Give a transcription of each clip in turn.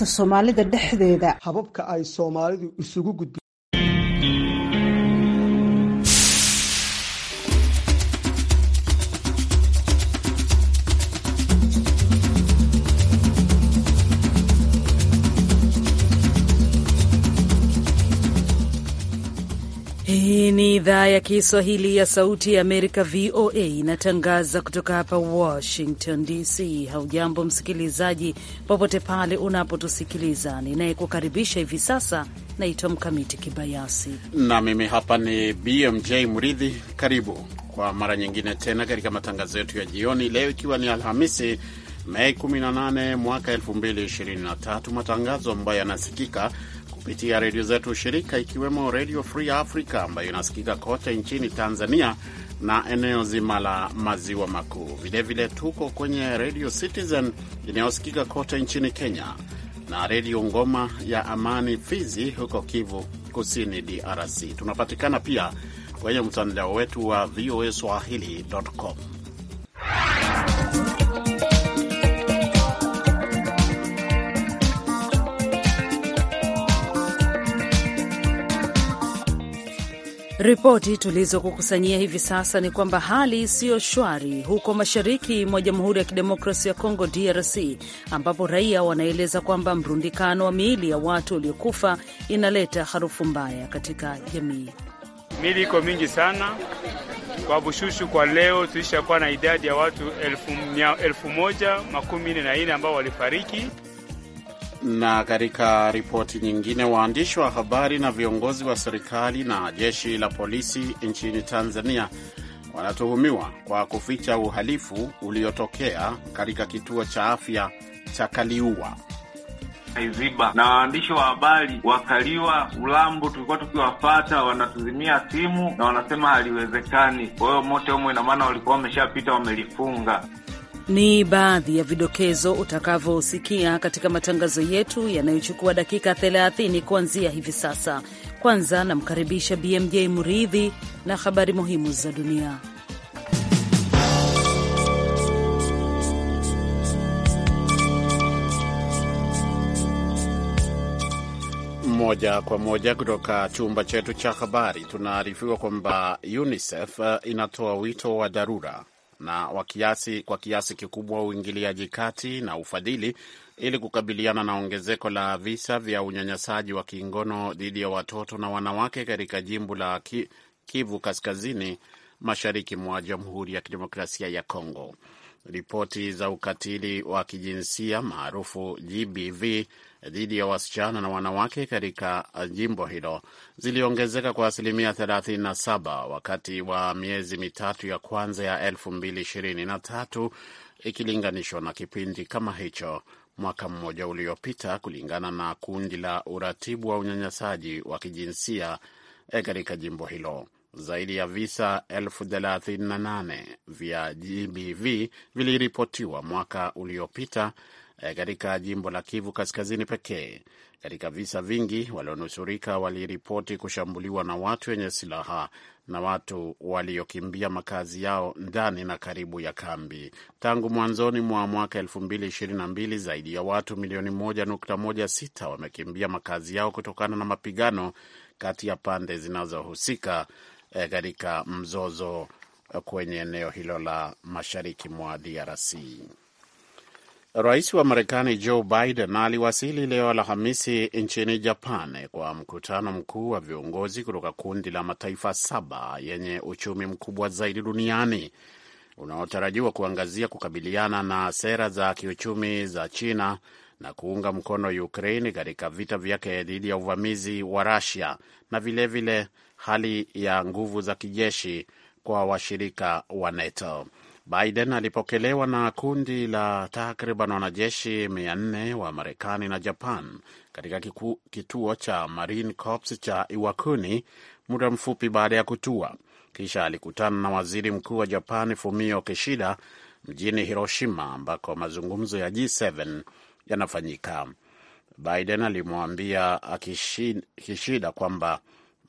Soomaalida dhexdeeda hababka ay Soomaalidu isugu gudbi ni idhaa ya Kiswahili ya Sauti ya Amerika, VOA, inatangaza kutoka hapa Washington DC. Haujambo msikilizaji, popote pale unapotusikiliza. Ninayekukaribisha hivi sasa naitwa Mkamiti Kibayasi na mimi hapa ni BMJ Mridhi. Karibu kwa mara nyingine tena katika matangazo yetu ya jioni leo, ikiwa ni Alhamisi Mei 18 mwaka 2023, matangazo ambayo yanasikika kupitia redio zetu shirika, ikiwemo Redio Free Africa ambayo inasikika kote nchini Tanzania na eneo zima la maziwa makuu. Vilevile tuko kwenye Redio Citizen inayosikika kote nchini Kenya na Redio Ngoma ya Amani Fizi huko Kivu Kusini, DRC. Tunapatikana pia kwenye mtandao wetu wa voa swahili.com. Ripoti tulizokukusanyia hivi sasa ni kwamba hali siyo shwari huko mashariki mwa Jamhuri ya Kidemokrasi ya Kongo, DRC, ambapo raia wanaeleza kwamba mrundikano wa miili ya watu waliokufa inaleta harufu mbaya katika jamii. Miili iko mingi sana kwa Bushushu. Kwa leo tulishakuwa na idadi ya watu elfu moja makumi nne na nne ambao walifariki. Na katika ripoti nyingine, waandishi wa habari na viongozi wa serikali na jeshi la polisi nchini Tanzania wanatuhumiwa kwa kuficha uhalifu uliotokea katika kituo cha afya cha Kaliua Iziba na waandishi wa habari wakaliwa Ulambo, tulikuwa tukiwapata wanatuzimia simu na wanasema haliwezekani. Kwa hiyo mote humo, ina maana walikuwa wameshapita, wamelifunga ni baadhi ya vidokezo utakavyosikia katika matangazo yetu yanayochukua dakika 30 kuanzia hivi sasa. Kwanza namkaribisha BMJ Muridhi na habari muhimu za dunia. Moja kwa moja kutoka chumba chetu cha habari, tunaarifiwa kwamba UNICEF uh, inatoa wito wa dharura na wa kiasi, kwa kiasi kikubwa uingiliaji kati na ufadhili ili kukabiliana na ongezeko la visa vya unyanyasaji wa kingono dhidi ya watoto na wanawake katika jimbo la Kivu Kaskazini mashariki mwa Jamhuri ya Kidemokrasia ya Kongo ripoti za ukatili wa kijinsia maarufu GBV dhidi ya wasichana na wanawake katika jimbo hilo ziliongezeka kwa asilimia 37 wakati wa miezi mitatu ya kwanza ya 2023 ikilinganishwa na kipindi kama hicho mwaka mmoja uliopita, kulingana na kundi la uratibu wa unyanyasaji wa kijinsia eh, katika jimbo hilo zaidi ya visa elfu thelathini na nane vya GBV viliripotiwa mwaka uliopita eh, katika jimbo la Kivu Kaskazini pekee. Katika visa vingi, walionusurika waliripoti kushambuliwa na watu wenye silaha na watu waliokimbia makazi yao ndani na karibu ya kambi. Tangu mwanzoni mwa mwaka 2022 zaidi ya watu milioni 1.16 wamekimbia makazi yao kutokana na mapigano kati ya pande zinazohusika Eh, katika mzozo eh, kwenye eneo hilo la mashariki mwa DRC. Rais wa Marekani Joe Biden aliwasili leo Alhamisi nchini Japan kwa mkutano mkuu wa viongozi kutoka kundi la mataifa saba yenye uchumi mkubwa zaidi duniani unaotarajiwa kuangazia kukabiliana na sera za kiuchumi za China na kuunga mkono Ukraine katika vita vyake dhidi ya uvamizi wa Russia na vilevile hali ya nguvu za kijeshi kwa washirika wa NATO. Biden alipokelewa na kundi la takriban wanajeshi mia nne wa Marekani na Japan katika kiku, kituo cha Marine Corps cha Iwakuni muda mfupi baada ya kutua. Kisha alikutana na waziri mkuu wa Japan Fumio Kishida mjini Hiroshima ambako mazungumzo ya G7 yanafanyika. Biden alimwambia Kishida kwamba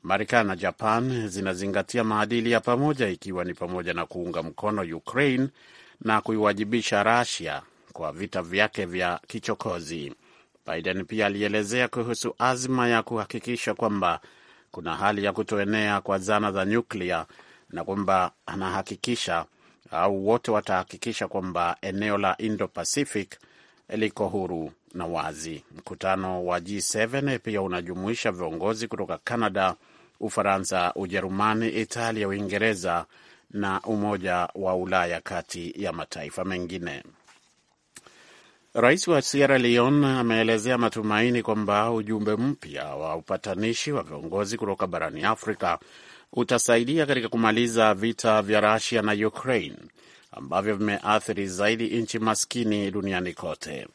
Marekani na Japan zinazingatia maadili ya pamoja, ikiwa ni pamoja na kuunga mkono Ukraine na kuiwajibisha Russia kwa vita vyake vya kichokozi. Biden pia alielezea kuhusu azma ya kuhakikisha kwamba kuna hali ya kutoenea kwa zana za nyuklia na kwamba anahakikisha au wote watahakikisha kwamba eneo la Indo Pacific liko huru na wazi. Mkutano wa G7 pia unajumuisha viongozi kutoka Canada, Ufaransa, Ujerumani, Italia, Uingereza na Umoja wa Ulaya, kati ya mataifa mengine. Rais wa Sierra Leone ameelezea matumaini kwamba ujumbe mpya wa upatanishi wa viongozi kutoka barani Afrika utasaidia katika kumaliza vita vya Rusia na Ukraine ambavyo vimeathiri zaidi nchi maskini duniani kote.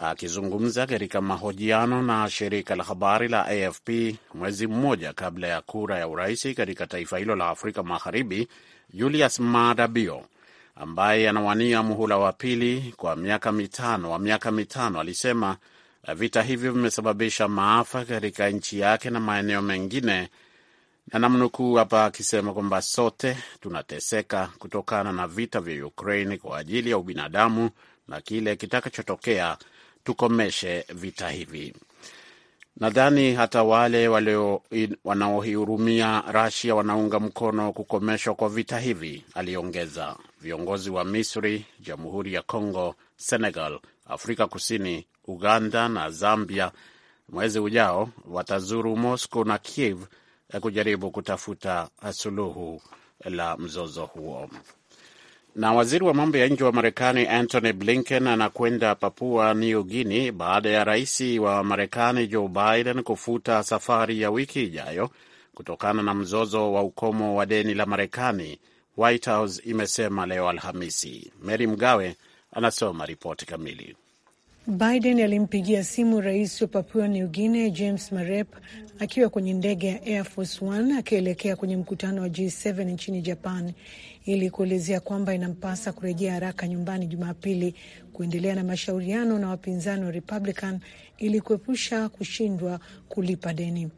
Akizungumza katika mahojiano na shirika la habari la AFP mwezi mmoja kabla ya kura ya uraisi katika taifa hilo la Afrika Magharibi, Julius Maada Bio ambaye anawania muhula wa pili kwa miaka mitano wa miaka mitano alisema vita hivyo vimesababisha maafa katika nchi yake na maeneo mengine, na namnukuu hapa akisema kwamba sote tunateseka kutokana na vita vya Ukraine kwa ajili ya ubinadamu na kile kitakachotokea tukomeshe vita hivi. Nadhani hata wale wanaohurumia Rasia wanaunga mkono kukomeshwa kwa vita hivi, aliongeza. Viongozi wa Misri, Jamhuri ya Kongo, Senegal, Afrika Kusini, Uganda na Zambia mwezi ujao watazuru Moscow na Kiev eh, kujaribu kutafuta suluhu la mzozo huo. Na waziri wa mambo ya nje wa Marekani Antony Blinken anakwenda Papua New Guinea baada ya rais wa Marekani Joe Biden kufuta safari ya wiki ijayo kutokana na mzozo wa ukomo wa deni la Marekani, White House imesema leo Alhamisi. Mary Mgawe anasoma ripoti kamili. Biden alimpigia simu rais wa Papua New Guinea James Marep akiwa kwenye ndege ya Air Force One akielekea kwenye mkutano wa G7 nchini Japan ili kuelezea kwamba inampasa kurejea haraka nyumbani Jumapili kuendelea na mashauriano na wapinzani wa Republican ili kuepusha kushindwa kulipa deni.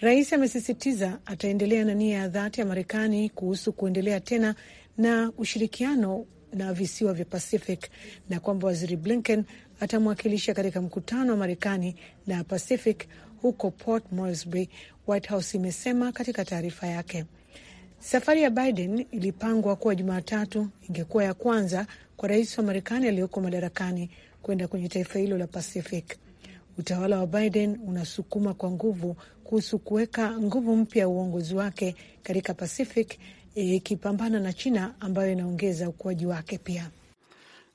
Rais amesisitiza ataendelea na nia ya dhati ya Marekani kuhusu kuendelea tena na ushirikiano na visiwa vya Pacific na kwamba Waziri Blinken atamwakilisha katika mkutano wa Marekani na Pacific huko Port Moresby, White House imesema katika taarifa yake. Safari ya Biden ilipangwa kuwa Jumatatu, ingekuwa ya kwanza kwa rais wa Marekani aliyoko madarakani kwenda kwenye taifa hilo la Pacific. Utawala wa Biden unasukuma kwa nguvu kuhusu kuweka nguvu mpya ya uongozi wake katika Pacific ikipambana e, na China ambayo inaongeza ukuaji wake pia.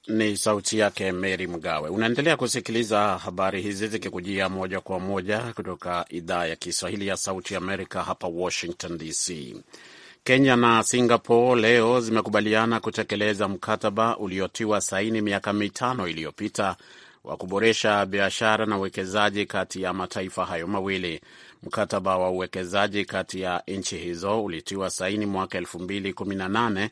Ni sauti yake Mary Mgawe. Unaendelea kusikiliza habari hizi zikikujia moja kwa moja kutoka idhaa ya Kiswahili ya Sauti Amerika, hapa Washington DC. Kenya na Singapore leo zimekubaliana kutekeleza mkataba uliotiwa saini miaka mitano iliyopita wa kuboresha biashara na uwekezaji kati ya mataifa hayo mawili. Mkataba wa uwekezaji kati ya nchi hizo ulitiwa saini mwaka 2018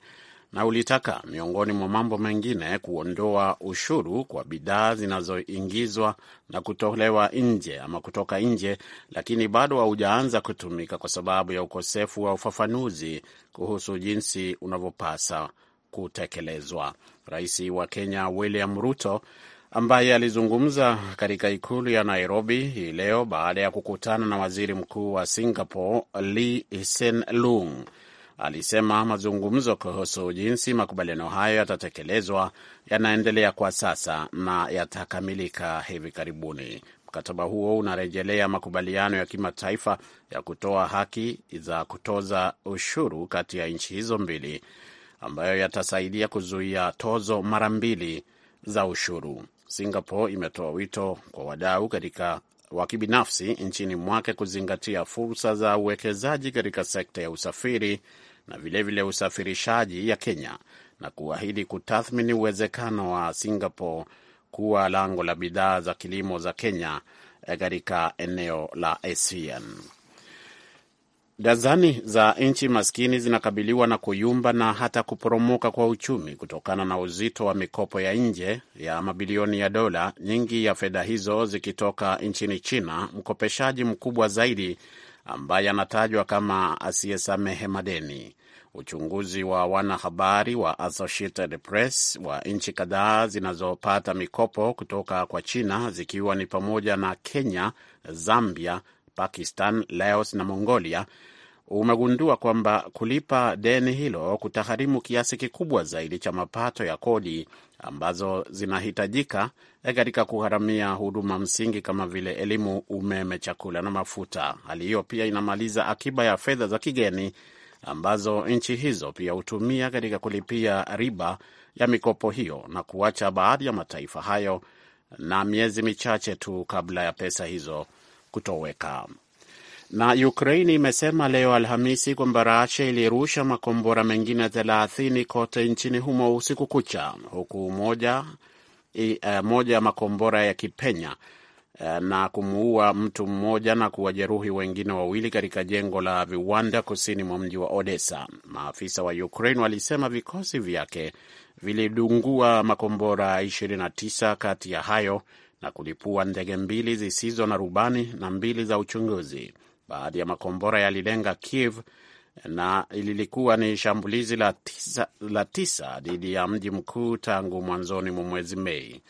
na ulitaka miongoni mwa mambo mengine kuondoa ushuru kwa bidhaa zinazoingizwa na kutolewa nje ama kutoka nje, lakini bado haujaanza kutumika kwa sababu ya ukosefu wa ufafanuzi kuhusu jinsi unavyopasa kutekelezwa. Rais wa Kenya William Ruto ambaye alizungumza katika ikulu ya Nairobi hii leo baada ya kukutana na waziri mkuu wa Singapore Lee Hsien Loong alisema mazungumzo kuhusu jinsi makubaliano hayo yatatekelezwa yanaendelea kwa sasa na yatakamilika hivi karibuni. Mkataba huo unarejelea makubaliano ya kimataifa ya kutoa haki za kutoza ushuru kati ya nchi hizo mbili ambayo yatasaidia kuzuia tozo mara mbili za ushuru. Singapore imetoa wito kwa wadau katika wa kibinafsi nchini mwake kuzingatia fursa za uwekezaji katika sekta ya usafiri na vilevile vile usafirishaji ya Kenya na kuahidi kutathmini uwezekano wa Singapore kuwa lango la bidhaa za kilimo za Kenya eh, katika eneo la ASEAN. Dazani za nchi maskini zinakabiliwa na kuyumba na hata kuporomoka kwa uchumi kutokana na uzito wa mikopo ya nje ya mabilioni ya dola, nyingi ya fedha hizo zikitoka nchini China, mkopeshaji mkubwa zaidi ambaye anatajwa kama asiyesamehe madeni. Uchunguzi wa wanahabari wa Associated Press wa nchi kadhaa zinazopata mikopo kutoka kwa China zikiwa ni pamoja na Kenya, Zambia, Pakistan, Laos na Mongolia umegundua kwamba kulipa deni hilo kutagharimu kiasi kikubwa zaidi cha mapato ya kodi ambazo zinahitajika eh, katika kugharamia huduma msingi kama vile elimu, umeme, chakula na mafuta. Hali hiyo pia inamaliza akiba ya fedha za kigeni ambazo nchi hizo pia hutumia katika kulipia riba ya mikopo hiyo na kuacha baadhi ya mataifa hayo na miezi michache tu kabla ya pesa hizo kutoweka. Na Ukraini imesema leo Alhamisi kwamba Rasia ilirusha makombora mengine 30 kote nchini humo usiku kucha, huku moja eh, ya makombora yakipenya eh, na kumuua mtu mmoja na kuwajeruhi wengine wawili katika jengo la viwanda kusini mwa mji wa Odessa. Maafisa wa Ukraine walisema vikosi vyake vilidungua makombora 29 kati ya hayo na kulipua ndege mbili zisizo na rubani na mbili za uchunguzi. Baadhi ya makombora yalilenga Kiev na lilikuwa ni shambulizi la tisa, la tisa dhidi ya mji mkuu tangu mwanzoni mwa mwezi Mei,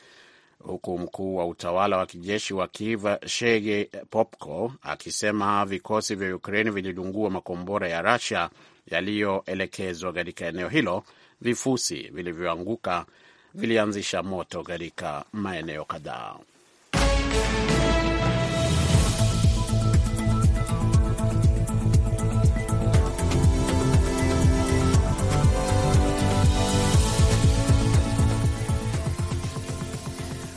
huku mkuu wa utawala wa kijeshi wa Kiev Shege Popko akisema vikosi vya Ukraini vilidungua makombora ya rasia yaliyoelekezwa katika eneo hilo. Vifusi vilivyoanguka vilianzisha moto katika maeneo kadhaa.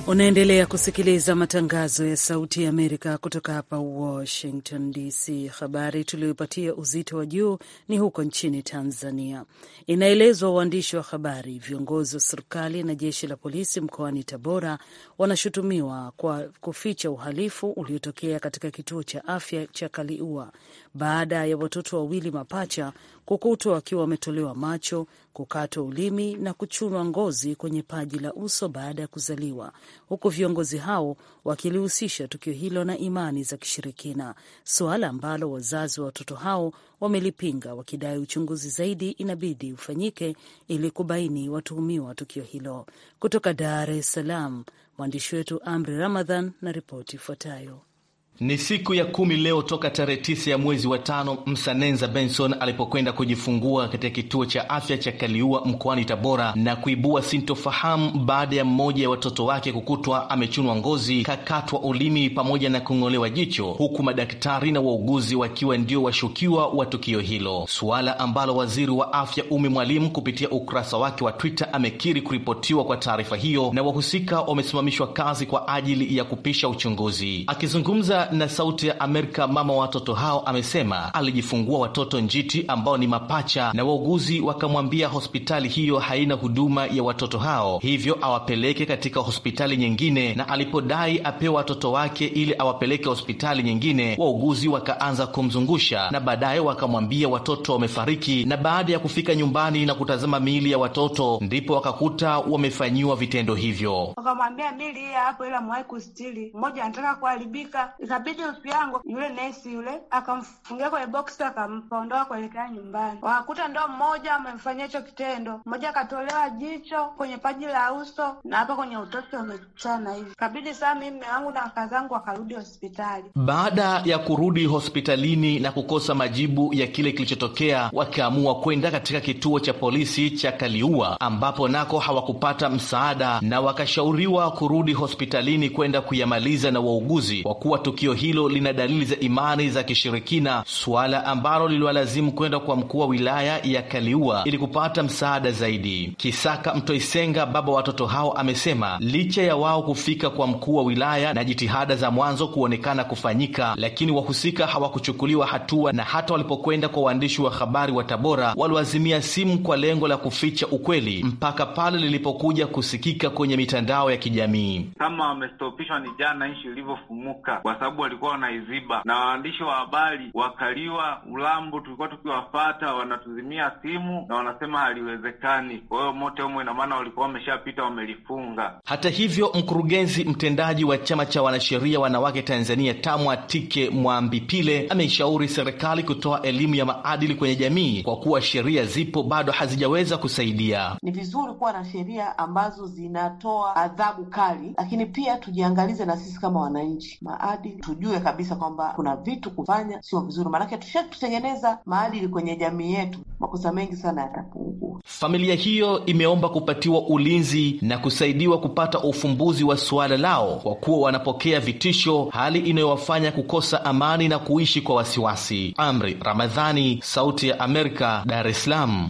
Unaendelea kusikiliza matangazo ya Sauti ya Amerika kutoka hapa Washington DC. Habari tuliyoipatia uzito wa juu ni huko nchini Tanzania. Inaelezwa waandishi wa habari, viongozi wa serikali na jeshi la polisi mkoani Tabora wanashutumiwa kwa kuficha uhalifu uliotokea katika kituo cha afya cha Kaliua baada ya watoto wawili mapacha kukutwa wakiwa wametolewa macho, kukatwa ulimi na kuchunwa ngozi kwenye paji la uso baada ya kuzaliwa, huku viongozi hao wakilihusisha tukio hilo na imani za kishirikina, suala ambalo wazazi wa watoto hao wamelipinga, wakidai uchunguzi zaidi inabidi ufanyike ili kubaini watuhumiwa tukio hilo. Kutoka Dar es Salaam, mwandishi wetu Amri Ramadhan na ripoti ifuatayo. Ni siku ya kumi leo toka tarehe tisa ya mwezi wa tano Msanenza Benson alipokwenda kujifungua katika kituo cha afya cha Kaliua mkoani Tabora na kuibua sintofahamu baada ya mmoja ya watoto wake kukutwa amechunwa ngozi, kakatwa ulimi pamoja na kung'olewa jicho, huku madaktari na wauguzi wakiwa ndio washukiwa wa tukio hilo, suala ambalo waziri wa afya Umi Mwalimu kupitia ukurasa wake wa Twitter amekiri kuripotiwa kwa taarifa hiyo na wahusika wamesimamishwa kazi kwa ajili ya kupisha uchunguzi. Akizungumza na Sauti ya Amerika, mama wa watoto hao amesema alijifungua watoto njiti ambao ni mapacha, na wauguzi wakamwambia hospitali hiyo haina huduma ya watoto hao, hivyo awapeleke katika hospitali nyingine, na alipodai apewe watoto wake ili awapeleke hospitali nyingine, wauguzi wakaanza kumzungusha na baadaye wakamwambia watoto wamefariki. Na baada ya kufika nyumbani na kutazama miili ya watoto, ndipo wakakuta wamefanyiwa vitendo hivyo. Wakamwambia miili hapo, ila mwahi kustili, mmoja anataka kuharibika ikabidi usi yangu yule nesi yule akamfungia kwenye boksi akampondoa kuelekea nyumbani. Wakakuta ndo mmoja amemfanyia hicho kitendo, mmoja akatolewa jicho kwenye paji la uso na hapa kwenye utoto wamechana hivi. Kabidi saa mimi mme wangu na kaka zangu wakarudi hospitali. Baada ya kurudi hospitalini na kukosa majibu ya kile kilichotokea, wakaamua kwenda katika kituo cha polisi cha Kaliua ambapo nako hawakupata msaada na wakashauriwa kurudi hospitalini kwenda kuyamaliza na wauguzi kwa kuwa tukio Tukio hilo lina dalili za imani za kishirikina, suala ambalo liliwalazimu kwenda kwa mkuu wa wilaya ya Kaliua ili kupata msaada zaidi. Kisaka Mtoisenga, baba watoto hao, amesema licha ya wao kufika kwa mkuu wa wilaya na jitihada za mwanzo kuonekana kufanyika, lakini wahusika hawakuchukuliwa hatua, na hata walipokwenda kwa waandishi wa habari wa Tabora waliwazimia simu kwa lengo la kuficha ukweli mpaka pale lilipokuja kusikika kwenye mitandao ya kijamii. Kama wamestopishwa ni jana nchi ilivyofumuka, kwa sababu sababu walikuwa wanaiziba, na waandishi wa habari wakaliwa Ulambo, tulikuwa tukiwafata wanatuzimia simu na wanasema haliwezekani. Kwa hiyo mote humo, ina maana walikuwa wameshapita, wamelifunga. Hata hivyo, mkurugenzi mtendaji wa chama cha wanasheria wanawake Tanzania TAMWA Tike Mwambipile ameishauri serikali kutoa elimu ya maadili kwenye jamii kwa kuwa sheria zipo bado hazijaweza kusaidia. Ni vizuri kuwa na sheria ambazo zinatoa adhabu kali, lakini pia tujiangalize na sisi kama wananchi, maadili tujue kabisa kwamba kuna vitu kufanya sio vizuri, maanake tushatutengeneza maadili kwenye jamii yetu, makosa mengi sana yatapungua. Familia hiyo imeomba kupatiwa ulinzi na kusaidiwa kupata ufumbuzi wa suala lao, kwa kuwa wanapokea vitisho, hali inayowafanya kukosa amani na kuishi kwa wasiwasi. Amri Ramadhani, Sauti ya Amerika, Dar es Salaam.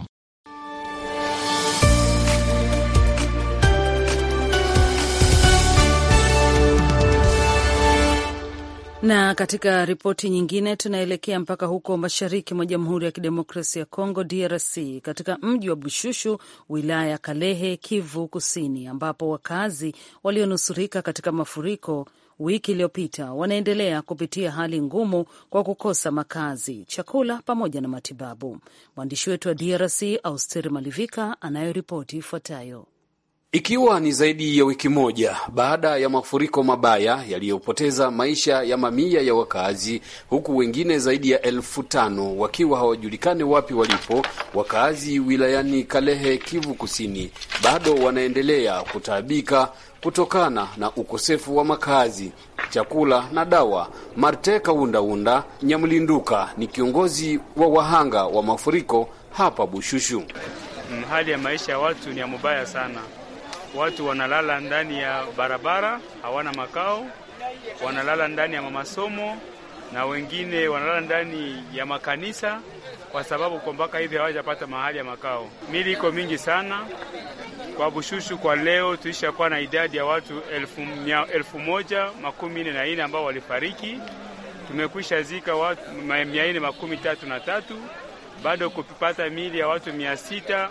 Na katika ripoti nyingine tunaelekea mpaka huko mashariki mwa Jamhuri ya Kidemokrasia ya Kongo, DRC, katika mji wa Bushushu, wilaya ya Kalehe, Kivu Kusini, ambapo wakazi walionusurika katika mafuriko wiki iliyopita wanaendelea kupitia hali ngumu kwa kukosa makazi, chakula pamoja na matibabu. Mwandishi wetu wa DRC Austeri Malivika anayoripoti ifuatayo. Ikiwa ni zaidi ya wiki moja baada ya mafuriko mabaya yaliyopoteza maisha ya mamia ya wakaazi huku wengine zaidi ya elfu tano wakiwa hawajulikani wapi walipo, wakaazi wilayani Kalehe, Kivu Kusini, bado wanaendelea kutaabika kutokana na ukosefu wa makazi, chakula na dawa. Marte Kaundaunda Nyamlinduka ni kiongozi wa wahanga wa mafuriko hapa Bushushu. Mm, hali ya maisha ya watu ni ya mubaya sana watu wanalala ndani ya barabara, hawana makao, wanalala ndani ya masomo na wengine wanalala ndani ya makanisa, kwa sababu kwa mpaka hivi hawajapata mahali ya makao. Mili iko mingi sana kwa Bushushu. Kwa leo tulishakuwa na idadi ya watu elfu, elfu moja makumi nne na nne ambao walifariki. Tumekwisha zika watu mia nne makumi tatu na tatu, bado kupata mili ya watu mia sita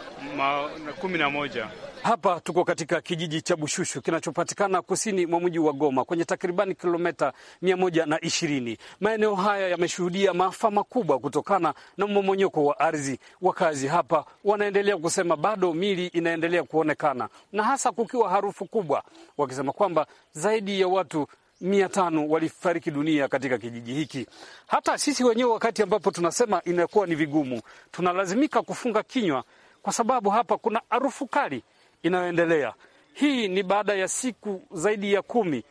kumi na moja. Hapa tuko katika kijiji cha Bushushu kinachopatikana kusini mwa mji wa Goma kwenye takribani kilomita mia moja na ishirini. Maeneo haya yameshuhudia maafa makubwa kutokana na mmomonyoko wa ardhi. Wakazi hapa wanaendelea kusema bado mili inaendelea kuonekana na hasa kukiwa harufu kubwa, wakisema kwamba zaidi ya watu mia tano walifariki dunia katika kijiji hiki. Hata sisi wenyewe wakati ambapo tunasema inakuwa ni vigumu, tunalazimika kufunga kinywa kwa sababu hapa kuna harufu kali inayoendelea. Hii ni baada ya siku zaidi ya kumi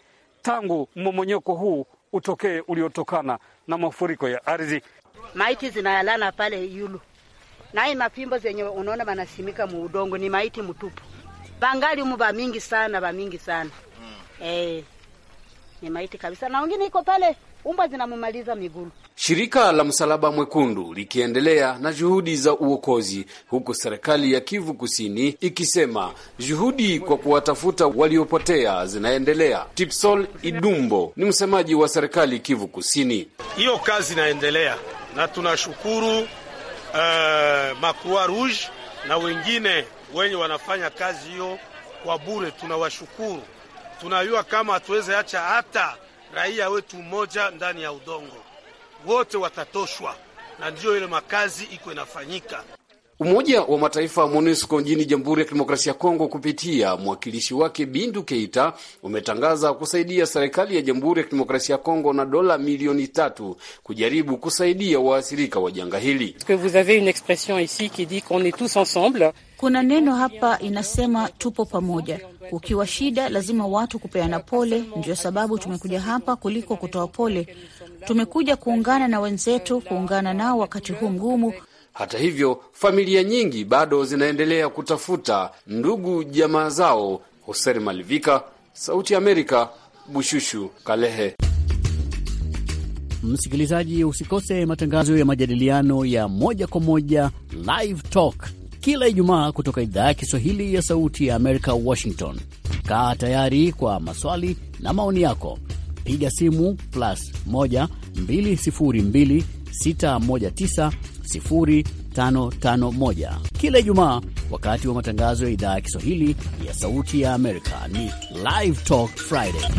tangu mmomonyoko huu utokee uliotokana na mafuriko ya ardhi. Maiti zinayalana pale yulu hii mapimbo zenye unaona wanasimika muudongo ni maiti mtupu, bangali umu mingi sana mingi sana mm. E, ni maiti kabisa, na wengine iko pale umbwa zinamumaliza migulu Shirika la Msalaba Mwekundu likiendelea na juhudi za uokozi, huku serikali ya Kivu Kusini ikisema juhudi kwa kuwatafuta waliopotea zinaendelea. Tipsol Idumbo ni msemaji wa serikali Kivu Kusini. Hiyo kazi inaendelea na tunashukuru uh, eh, Makroa Rouge na wengine wenye wanafanya kazi hiyo kwa bure, tunawashukuru. Tunajua kama hatuweze acha hata raia wetu mmoja ndani ya udongo wote watatoshwa, na ndiyo ile makazi iko inafanyika. Umoja wa Mataifa wa MONUSCO nchini Jamhuri ya Kidemokrasia ya Kongo kupitia mwakilishi wake Bindu Keita umetangaza kusaidia serikali ya Jamhuri ya Kidemokrasia ya Kongo na dola milioni tatu kujaribu kusaidia waathirika wa janga hili. Kuna neno hapa inasema tupo pamoja. Ukiwa shida, lazima watu kupeana pole. ndio sababu tumekuja hapa kuliko kutoa pole. Tumekuja kuungana na wenzetu, kuungana nao wakati huu mgumu. Hata hivyo, familia nyingi bado zinaendelea kutafuta ndugu jamaa zao. Hoser Malivika, Sauti ya Amerika, Bushushu, Kalehe. Msikilizaji, usikose matangazo ya majadiliano ya moja kwa moja Live Talk kila Ijumaa kutoka idhaa ya Kiswahili ya Sauti ya Amerika, Washington. Kaa tayari kwa maswali na maoni yako piga simu plus 1 kila Ijumaa wakati wa matangazo ya idhaa ya Kiswahili ya Sauti ya Amerika. Ni Live Talk Friday.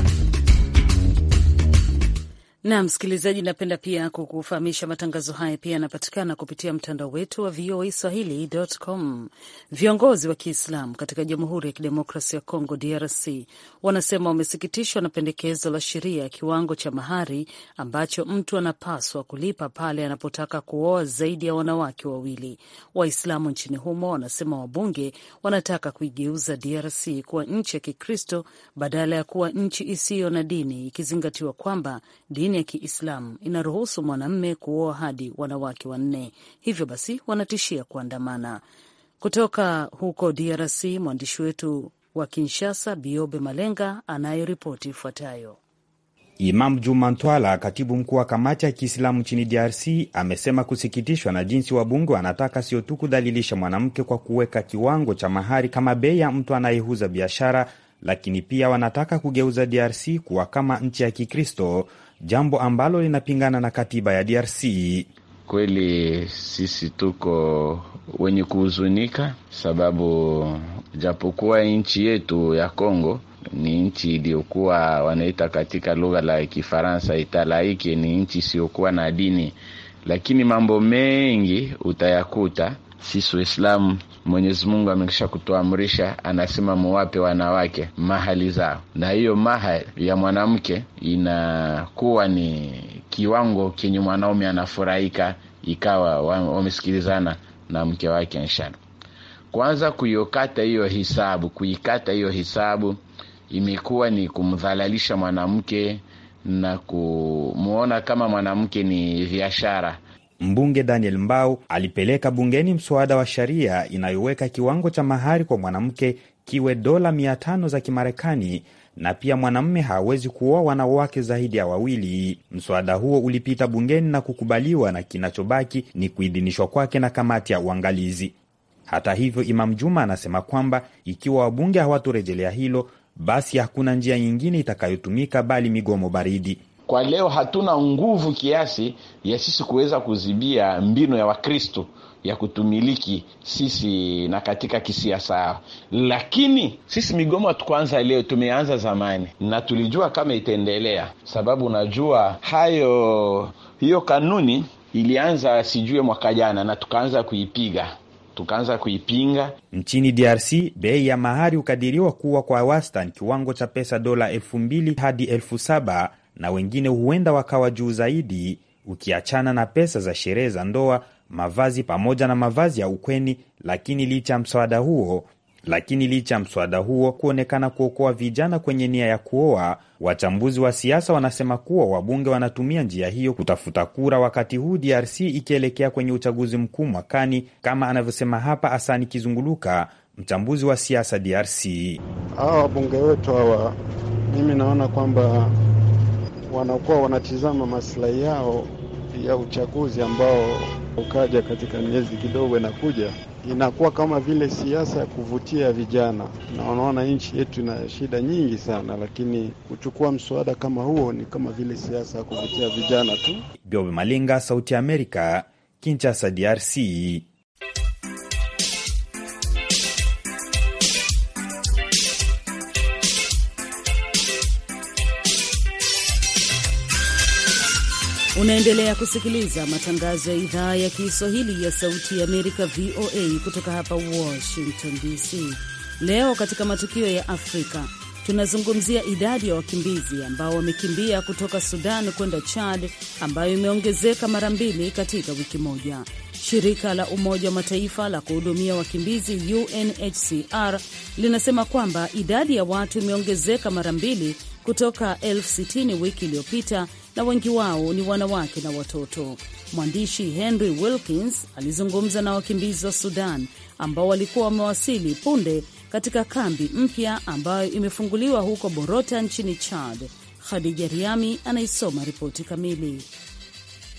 Na msikilizaji, napenda pia kukufahamisha matangazo haya pia yanapatikana kupitia mtandao wetu wa VOA Swahili.com. Viongozi wa Kiislamu katika Jamhuri ya Kidemokrasia ya Kongo, DRC, wanasema wamesikitishwa na pendekezo la sheria ya kiwango cha mahari ambacho mtu anapaswa kulipa pale anapotaka kuoa zaidi ya wanawake wawili. Waislamu nchini humo wanasema wabunge wanataka kuigeuza DRC kuwa nchi ya Kikristo badala ya kuwa nchi isiyo na dini, ikizingatiwa kwamba dini dini ya Kiislamu inaruhusu mwanamme kuoa hadi wanawake wanne, hivyo basi wanatishia kuandamana. Kutoka huko DRC, mwandishi wetu wa Kinshasa Biobe Malenga anayeripoti ifuatayo. Imam Juma Ntwala, katibu mkuu wa kamati ya Kiislamu nchini DRC, amesema kusikitishwa na jinsi wabunge wanataka sio tu kudhalilisha mwanamke kwa kuweka kiwango cha mahari kama bei ya mtu anayeuza biashara, lakini pia wanataka kugeuza DRC kuwa kama nchi ya Kikristo jambo ambalo linapingana na katiba ya DRC. Kweli sisi tuko wenye kuhuzunika, sababu japokuwa nchi yetu ya Kongo ni nchi iliyokuwa wanaita katika lugha la Kifaransa italaike, ni nchi isiyokuwa na dini, lakini mambo mengi utayakuta sisi Waislamu Mwenyezi Mungu amekisha kutuamrisha, anasema muwape wanawake mahali zao, na hiyo mahali ya mwanamke inakuwa ni kiwango kenye mwanaume anafurahika, ikawa wamesikilizana na mke wake. Inshallah, kwanza kuiokata hiyo hisabu, kuikata hiyo hisabu imekuwa ni kumdhalalisha mwanamke na kumwona kama mwanamke ni biashara mbunge Daniel Mbau alipeleka bungeni mswada wa sheria inayoweka kiwango cha mahari kwa mwanamke kiwe dola mia tano za Kimarekani na pia mwanamume hawezi kuoa wanawake zaidi ya wawili. Mswada huo ulipita bungeni na kukubaliwa, na kinachobaki ni kuidhinishwa kwake na kamati ya uangalizi. Hata hivyo, Imam Juma anasema kwamba ikiwa wabunge hawatorejelea hilo, basi hakuna njia nyingine itakayotumika bali migomo baridi. Kwa leo hatuna nguvu kiasi ya sisi kuweza kuzibia mbinu ya Wakristo ya kutumiliki sisi na katika kisiasa yao, lakini sisi migomo hatukuanza leo, tumeanza zamani na tulijua kama itaendelea, sababu unajua hayo hiyo kanuni ilianza sijue mwaka jana, na tukaanza kuipiga tukaanza kuipinga nchini DRC. Bei ya mahari hukadiriwa kuwa kwa wastani kiwango cha pesa dola elfu mbili hadi elfu saba na wengine huenda wakawa juu zaidi, ukiachana na pesa za sherehe za ndoa, mavazi pamoja na mavazi ya ukweni. Lakini licha ya mswada huo lakini licha ya mswada huo kuonekana kuokoa vijana kwenye nia ya kuoa, wachambuzi wa siasa wanasema kuwa wabunge wanatumia njia hiyo kutafuta kura, wakati huu DRC ikielekea kwenye uchaguzi mkuu mwakani, kama anavyosema hapa Asani Kizunguluka, mchambuzi wa siasa DRC. Hawa wabunge wetu hawa, mimi naona kwamba wanakuwa wanatizama maslahi yao ya uchaguzi ambao ukaja katika miezi kidogo inakuja, inakuwa kama vile siasa ya kuvutia vijana, na wanaona nchi yetu ina shida nyingi sana, lakini kuchukua mswada kama huo ni kama vile siasa ya kuvutia vijana tu. Bob Malinga, Sauti ya Amerika, Kinshasa, DRC. Unaendelea kusikiliza matangazo ya idhaa ya Kiswahili ya Sauti ya Amerika, VOA, kutoka hapa Washington DC. Leo katika matukio ya Afrika tunazungumzia idadi ya wakimbizi ambao wamekimbia kutoka Sudan kwenda Chad, ambayo imeongezeka mara mbili katika wiki moja. Shirika la Umoja wa Mataifa la kuhudumia wakimbizi UNHCR linasema kwamba idadi ya watu imeongezeka mara mbili kutoka elfu sitini wiki iliyopita na wengi wao ni wanawake na watoto. Mwandishi Henry Wilkins alizungumza na wakimbizi wa Sudan ambao walikuwa wamewasili punde katika kambi mpya ambayo imefunguliwa huko Borota nchini Chad. Khadija Riami anaisoma ripoti kamili.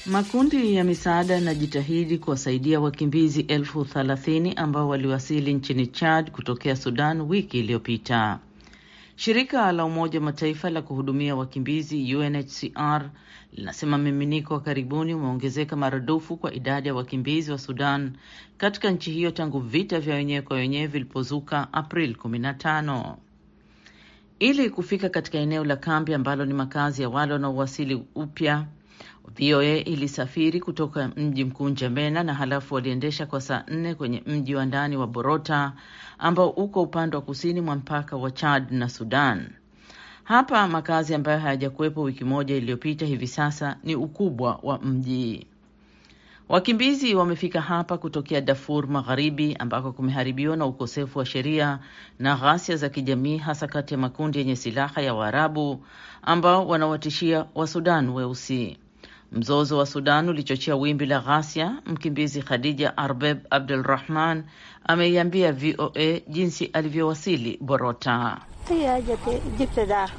Makundi ya misaada yanajitahidi kuwasaidia wakimbizi elfu thelathini ambao waliwasili nchini Chad kutokea Sudan wiki iliyopita. Shirika la Umoja wa Mataifa la kuhudumia wakimbizi UNHCR linasema miminiko wa karibuni umeongezeka maradufu kwa idadi ya wakimbizi wa Sudan katika nchi hiyo tangu vita vya wenyewe kwa wenyewe vilipozuka april 15. Ili kufika katika eneo la kambi ambalo ni makazi ya wale wanaowasili upya VOA ilisafiri kutoka mji mkuu Njamena na halafu waliendesha kwa saa nne kwenye mji wa ndani wa Borota ambao uko upande wa kusini mwa mpaka wa Chad na Sudan. Hapa makazi ambayo hayajakuwepo wiki moja iliyopita hivi sasa ni ukubwa wa mji. Wakimbizi wamefika hapa kutokea Darfur Magharibi ambako kumeharibiwa na ukosefu wa sheria na ghasia za kijamii hasa kati ya makundi yenye silaha ya Waarabu ambao wanawatishia Wasudan weusi. Mzozo wa Sudan ulichochea wimbi la ghasia. Mkimbizi Khadija Arbeb Abdul Rahman ameiambia VOA jinsi alivyowasili Borota.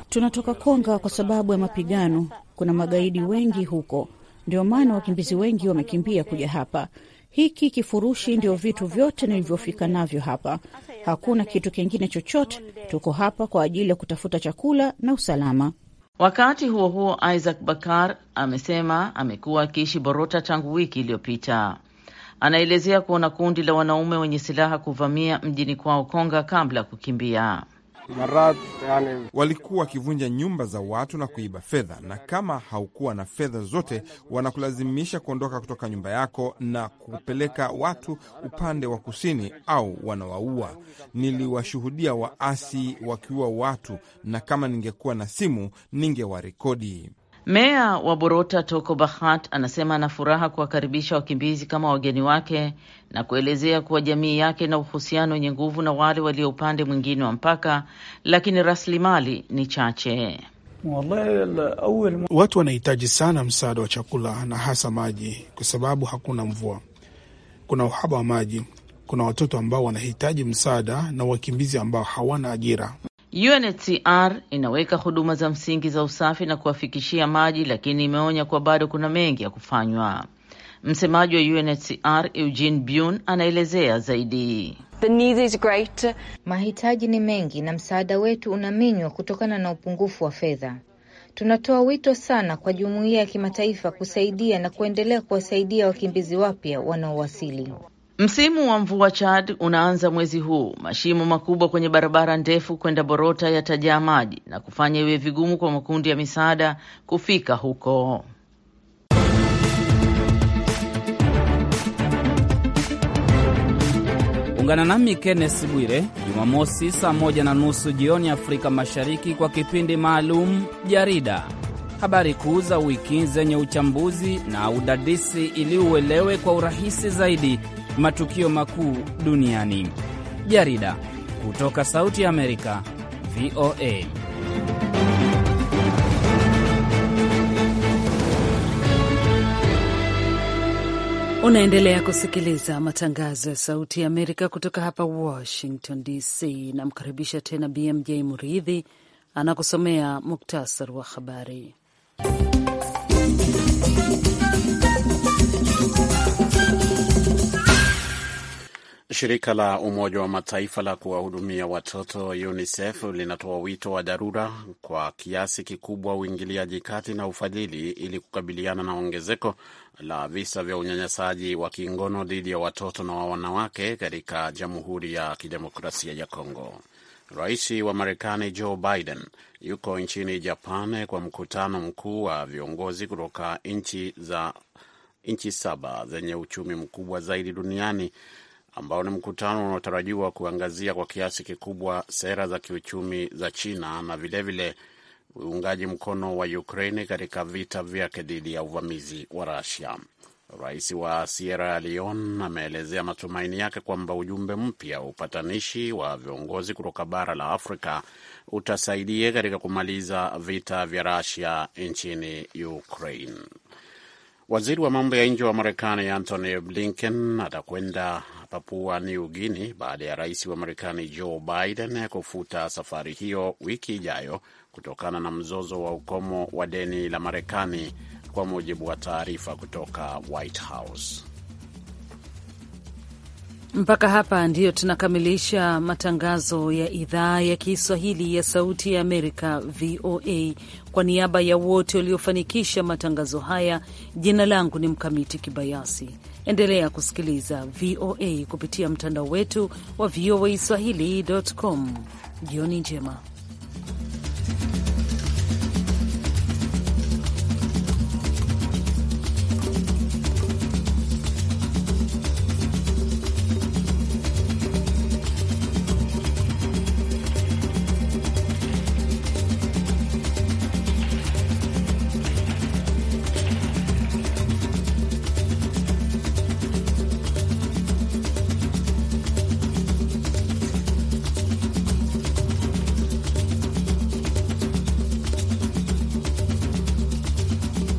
Tunatoka Konga kwa sababu ya mapigano, kuna magaidi wengi huko, ndio maana wakimbizi wengi wamekimbia kuja hapa. Hiki kifurushi ndio vitu vyote nilivyofika navyo hapa, hakuna kitu kingine chochote. Tuko hapa kwa ajili ya kutafuta chakula na usalama. Wakati huo huo, Isaac Bakar amesema amekuwa akiishi Borota tangu wiki iliyopita. Anaelezea kuona kundi la wanaume wenye silaha kuvamia mjini kwao Konga kabla ya kukimbia walikuwa wakivunja nyumba za watu na kuiba fedha, na kama haukuwa na fedha zote, wanakulazimisha kuondoka kutoka nyumba yako na kupeleka watu upande wa kusini, au wanawaua. Niliwashuhudia waasi wakiua watu, na kama ningekuwa na simu ningewarekodi. Meya wa Borota Toko Bahat anasema ana furaha kuwakaribisha wakimbizi kama wageni wake na kuelezea kuwa jamii yake na uhusiano wenye nguvu na wale walio upande mwingine wa mpaka, lakini rasilimali ni chache. Watu wanahitaji sana msaada wa chakula na hasa maji, kwa sababu hakuna mvua, kuna uhaba wa maji, kuna watoto ambao wanahitaji msaada na wakimbizi ambao hawana ajira. UNHCR inaweka huduma za msingi za usafi na kuwafikishia maji, lakini imeonya kuwa bado kuna mengi ya kufanywa. Msemaji wa UNHCR Eugene Byun anaelezea zaidi. The need is great. Mahitaji ni mengi na msaada wetu unaminywa kutokana na upungufu wa fedha. Tunatoa wito sana kwa jumuiya ya kimataifa kusaidia na kuendelea kuwasaidia wakimbizi wapya wanaowasili. Msimu wa mvua Chad unaanza mwezi huu. Mashimo makubwa kwenye barabara ndefu kwenda Borota yatajaa maji na kufanya iwe vigumu kwa makundi ya misaada kufika huko. Ungana nami kennes Bwire Jumamosi saa moja na nusu jioni Afrika Mashariki kwa kipindi maalum Jarida, habari kuu za wiki zenye uchambuzi na udadisi ili uelewe kwa urahisi zaidi matukio makuu duniani. Jarida kutoka Sauti ya Amerika, VOA. Unaendelea kusikiliza matangazo ya Sauti ya Amerika kutoka hapa Washington DC. Namkaribisha tena BMJ Muridhi anakusomea muktasar wa habari. Shirika la Umoja wa Mataifa la kuwahudumia watoto UNICEF linatoa wito wa dharura kwa kiasi kikubwa uingiliaji kati na ufadhili ili kukabiliana na ongezeko la visa vya unyanyasaji wa kingono dhidi ya watoto na wanawake katika Jamhuri ya Kidemokrasia ya Kongo. Rais wa Marekani Joe Biden yuko nchini Japan kwa mkutano mkuu wa viongozi kutoka nchi za nchi saba zenye uchumi mkubwa zaidi duniani ambao ni mkutano unaotarajiwa kuangazia kwa kiasi kikubwa sera za kiuchumi za China na vilevile uungaji vile mkono wa Ukraini katika vita vyake dhidi ya uvamizi wa Rusia. Rais wa Sierra Leone ameelezea matumaini yake kwamba ujumbe mpya wa upatanishi wa viongozi kutoka bara la Afrika utasaidia katika kumaliza vita vya Rusia nchini Ukraine. Waziri wa mambo ya nje wa Marekani Antony Blinken atakwenda Papua New Guinea baada ya rais wa Marekani Joe Biden kufuta safari hiyo wiki ijayo kutokana na mzozo wa ukomo wa deni la Marekani, kwa mujibu wa taarifa kutoka White House. Mpaka hapa ndiyo tunakamilisha matangazo ya idhaa ya Kiswahili ya Sauti ya Amerika, VOA. Kwa niaba ya wote waliofanikisha matangazo haya, jina langu ni Mkamiti Kibayasi. Endelea kusikiliza VOA kupitia mtandao wetu wa voa swahilicom Jioni njema.